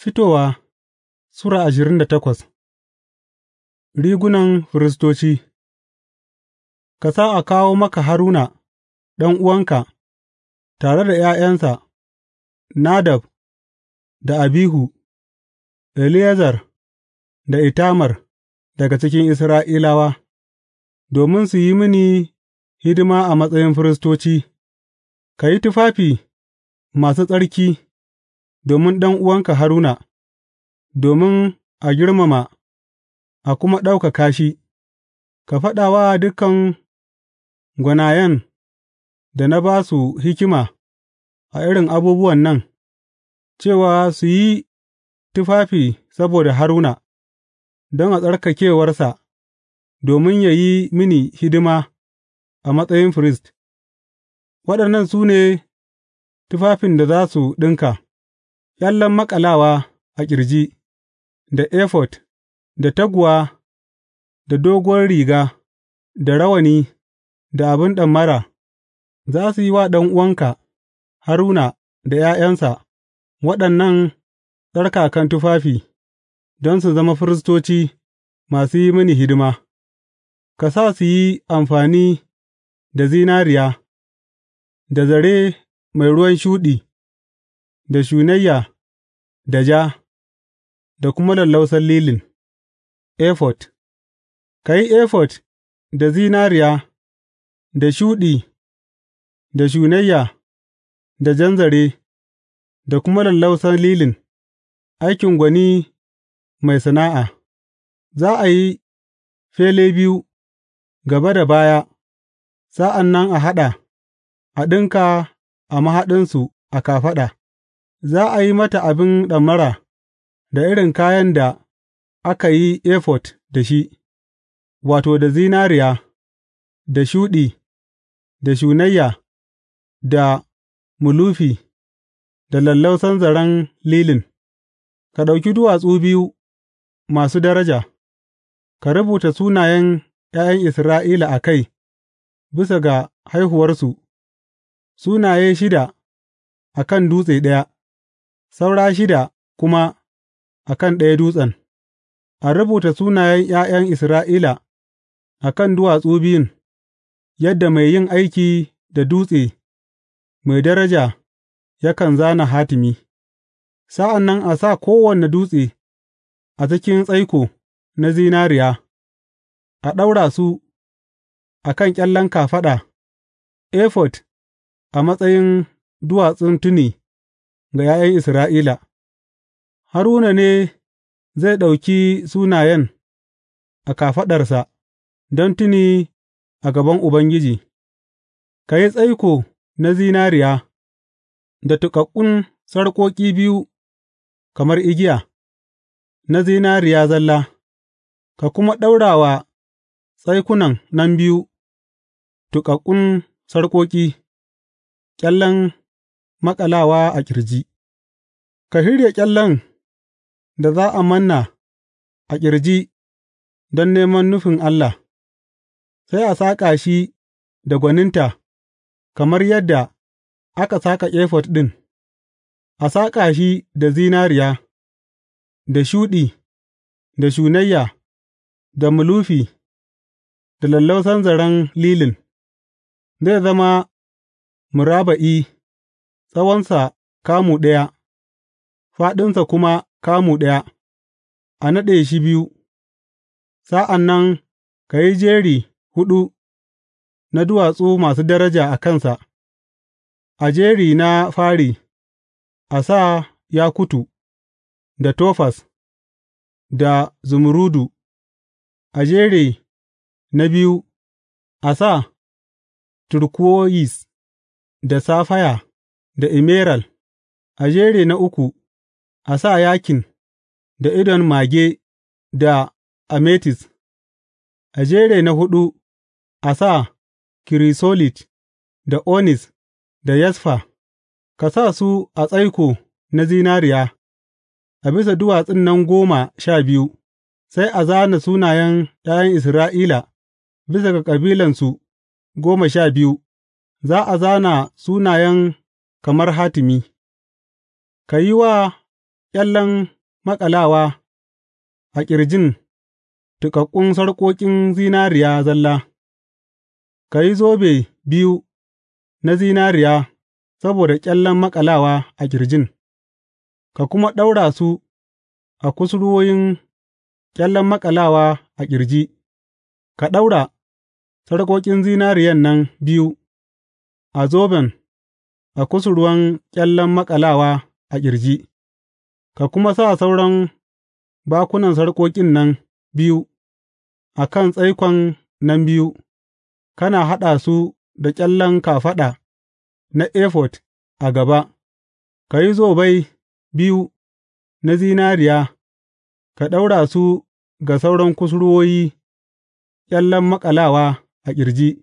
Fitowa Sura ashirin da takwas Rigunan firistoci Ka sa a kawo maka Haruna ɗan uwanka tare da ’ya'yansa, Nadab da Abihu, Eleyazar da Itamar daga cikin Isra'ilawa, domin su yi mini hidima a matsayin firistoci, ka yi tufafi masu tsarki. domin ɗan'uwanka Haruna, domin a girmama a kuma ɗaukaka shi, ka faɗa wa dukan gwanayen da na ba su hikima a irin abubuwan nan, cewa su yi tufafi saboda Haruna, don a tsarkakewarsa, domin ya yi mini hidima a matsayin firist, waɗannan su ne tufafin da za su ɗinka. ƙyallen maƙalawa a ƙirji, da efod, da taguwa, da doguwar riga, da rawani, da abin ɗamara, za su yi wa ɗan'uwanka Haruna da ’ya'yansa waɗannan tsarkakan tufafi don su zama firistoci masu yi mini hidima, ka sa su yi amfani da zinariya, da zare mai ruwan shuɗi, da shunayya, da ja, da kuma lallausan lilin, efot, Ka yi efot da zinariya, da shuɗi, da shunayya, da jan zare, da kuma lallausan lilin, aikin gwani mai sana'a, za a yi fele biyu gaba da baya, sa'an nan a haɗa, a ɗinka a mahaɗinsu a kafaɗa. Za a yi mata abin ɗamara da irin kayan da aka yi efod da shi, wato, da zinariya, da shuɗi, da shunayya, da mulufi, da lallausan zaren lilin, ka ɗauki duwatsu biyu masu daraja, ka rubuta sunayen ’ya'yan Isra'ila a kai bisa ga haihuwarsu, sunaye shida a kan dutse ɗaya. saura shida kuma a kan ɗaya dutsen, a rubuta sunayen ’ya'yan Isra'ila a kan duwatsu biyun, yadda mai yin aiki da dutse mai daraja yakan zana hatimi, sa'an nan a sa kowane dutse a cikin tsaiko na zinariya, a ɗaura su a kan ƙyallen kafaɗa, efod a matsayin duwatsun tuni. ga ’ya'yan Isra'ila Haruna ne zai ɗauki sunayen a kafaɗarsa don tuni a gaban Ubangiji, ka yi tsaiko na zinariya da tuƙaƙƙun sarƙoƙi biyu kamar igiya, na zinariya zalla, ka kuma ɗaura wa tsaikunan nan biyu tuƙaƙƙun sarƙoƙi, ƙyallen maƙalawa a ƙirji Ka shirya ƙyallen da za a manna a ƙirji don neman nufin Allah, sai a saƙa shi da gwaninta kamar yadda aka saƙa efod ɗin, a saƙa shi da zinariya, da shuɗi, da shunayya, da mulufi, da lallausan zaren lilin, zai zama muraba'i. Tsawonsa kamu ɗaya, fāɗinsa kuma kamu ɗaya, a naɗe shi biyu, sa'an nan ka yi jeri huɗu na duwatsu masu daraja a kansa, a jeri na fari, a sa yakutu, da tofas. da zumurudu. a jeri na biyu, a sa turkuwoyis da safaya. da emeral, a jere na uku a sa yakin, da idon mage da ametis, a jeri na hudu a sa kirisolit, da onis, da yasfa, ka sa su a tsaiko na zinariya, a bisa duwatsun nan goma sha biyu, sai a zana sunayen ’ya'yan Isra'ila bisa ga kabilansu goma sha biyu, za a zana sunayen kamar hatimi Ka yi wa ƙyallen maƙalawa a ƙirjin tuƙaƙƙun sarƙoƙin zinariya zalla, ka yi zobe biyu na zinariya saboda ƙyallen maƙalawa a ƙirjin, ka kuma ɗaura su a kusurwoyin ƙyallen maƙalawa a ƙirji, ka ɗaura sarƙoƙin zinariyan nan biyu a zoban a kusurwan ƙyallen maƙalawa a ƙirji, ka kuma sa sauran bakunan sarƙoƙin nan biyu a kan tsaikon nan biyu, kana haɗa su da ƙyallen kafaɗa na efod a gaba, ka yi zobai biyu na zinariya, ka ɗaura su ga sauran kusurwoyi ƙyallen maƙalawa a ƙirji,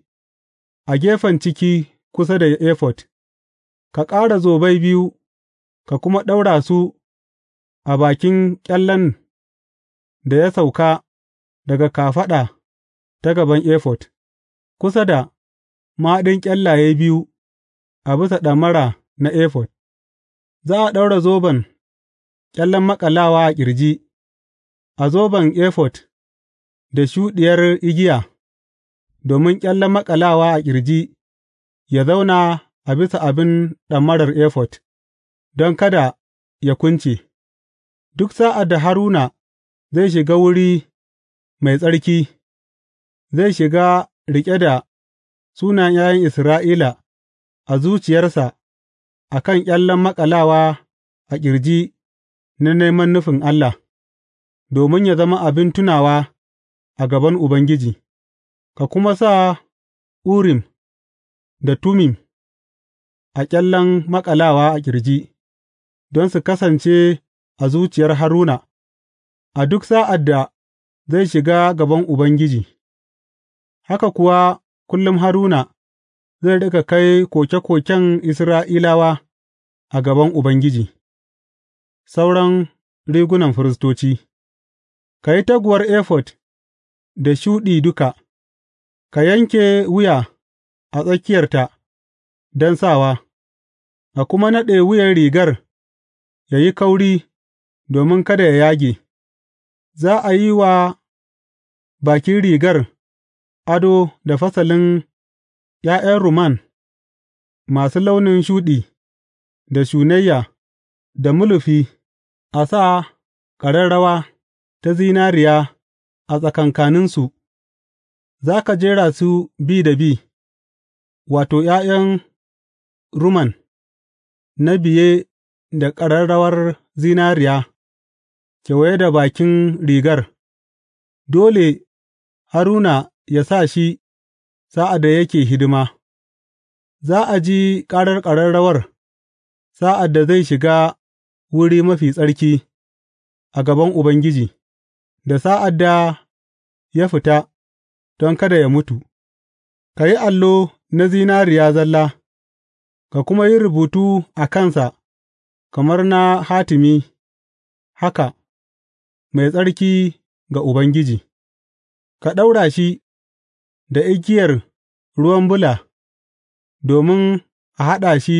a gefen ciki kusa da efod. Ka ƙara zobai biyu ka kuma ɗaura su a bakin ƙyallen da ya sauka daga kafaɗa ta gaban efod, kusa da mahaɗin ƙyallaye biyu a bisa ɗamara na efod, za a ɗaura zoban ƙyallen maƙalawa a ƙirji, a zoban efod da shuɗiyar igiya, domin ƙyallen maƙalawa a ƙirji ya zauna a bisa abin ɗamarar efod, don kada ya kunce, duk sa'ad da Haruna zai shiga wuri mai tsarki, zai shiga riƙe da sunan ’ya'yan Isra'ila a zuciyarsa a kan ƙyallen maƙalawa a ƙirji na neman nufin Allah, domin ya zama abin tunawa a gaban Ubangiji, ka kuma sa Urim da tumim a ƙyallen maƙalawa a ƙirji, don su kasance a zuciyar Haruna a duk sa'ad da zai shiga gaban Ubangiji, haka kuwa kullum Haruna zai riƙa kai koke koken Isra'ilawa a gaban Ubangiji. Sauran rigunan firistoci Ka yi taguwar efod da shuɗi duka, ka yanke wuya a tsakiyarta. don sawa, a kuma naɗe wuyan rigar yă yi kauri domin kada yă yage, za a yi wa bakin rigar ado da fasalin ’ya'yan ruman, masu launin shuɗi, da shunayya, da mulufi, a sa ƙararrawa ta zinariya a tsakankaninsu, za ka jera su bi da bi, wato, ’ya'yan rumman na biye da ƙararrawar zinariya kewaye da bakin rigar, dole Haruna ya sa shi sa'ad da yake hidima; za a ji ƙarar ƙararrawar sa'ad da zai shiga Wuri Mafi Tsarki a gaban Ubangiji, da sa'ad da ya fita don kada ya mutu, ka yi allo na zinariya zalla. Ka kuma yi rubutu a kansa kamar na hatimi, haka, Mai tsarki ga Ubangiji, ka ɗaura shi da igiyar ruwan bula domin a haɗa shi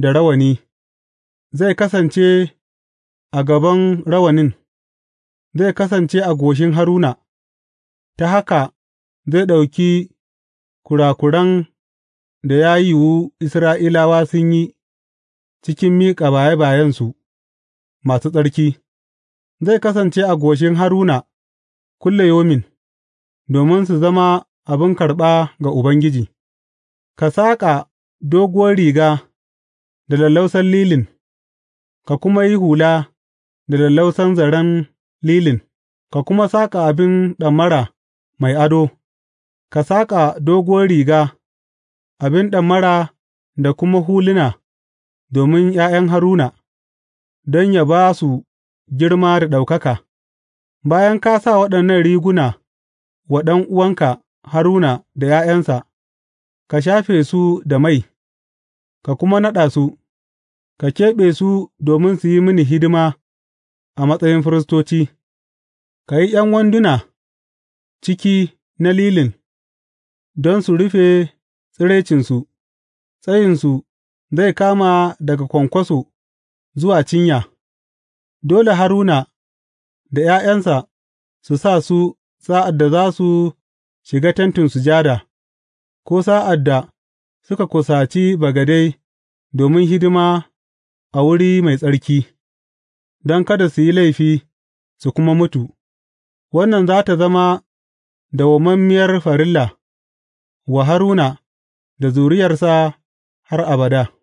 da rawani; zai kasance a gaban rawanin, zai kasance a goshin Haruna, ta haka zai ɗauki kurakuran. da ya yiwu Isra'ilawa sun yi cikin miƙa baye bayensu masu tsarki, zai kasance a goshin Haruna kullayaumin, domin su zama abin karɓa ga Ubangiji, ka saƙa doguwar riga da lallausan lilin, ka kuma yi hula da lallausan zaren lilin, ka kuma saƙa abin ɗamara mai ado, ka saƙa doguwar riga. abin ɗamara da kuma huluna domin ’ya'yan Haruna, don yă ba su girma da ɗaukaka, bayan ka sa waɗannan riguna wa ɗan'uwanka Haruna da ’ya'yansa, ka shafe su da mai, ka kuma naɗa su, ka keɓe su domin su yi mini hidima a matsayin firistoci, ka yi ’yan wanduna ciki na lilin don su rufe tsiraicinsu, tsayinsu zai kama daga kwankwaso zuwa cinya, dole Haruna da ’ya'yansa su sa su sa'ad da za su shiga Tentin Sujada, ko sa'ad da suka kusaci bagade domin hidima a wuri mai tsarki, don kada su yi laifi su kuma mutu, wannan za tă zama dawwammamiyar farilla wa Haruna. da zuriyarsa har abada.